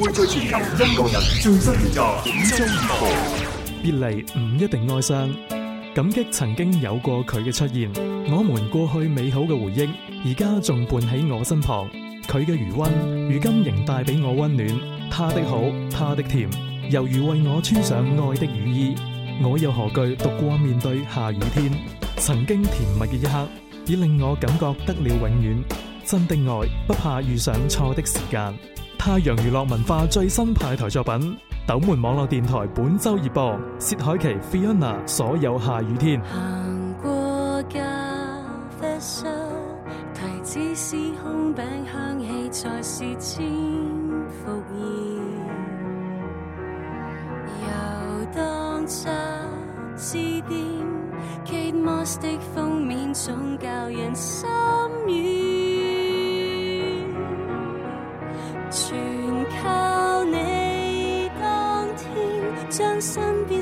會聚全球一個人最新創作《雨中路》，別離唔一定哀傷，感激曾經有過佢嘅出現。我們過去美好嘅回憶，而家仲伴喺我身旁。佢嘅餘温，如今仍帶俾我溫暖。他的好，他的甜，猶如為我穿上愛的雨衣，我又何懼獨過面對下雨天？曾經甜蜜嘅一刻，已令我感覺得了永遠。真的愛，不怕遇上錯的時間。太陽娛樂文化最新派台作品，斗門網絡電台本周熱播。薛凱琪、Fiona 所有下雨天。行過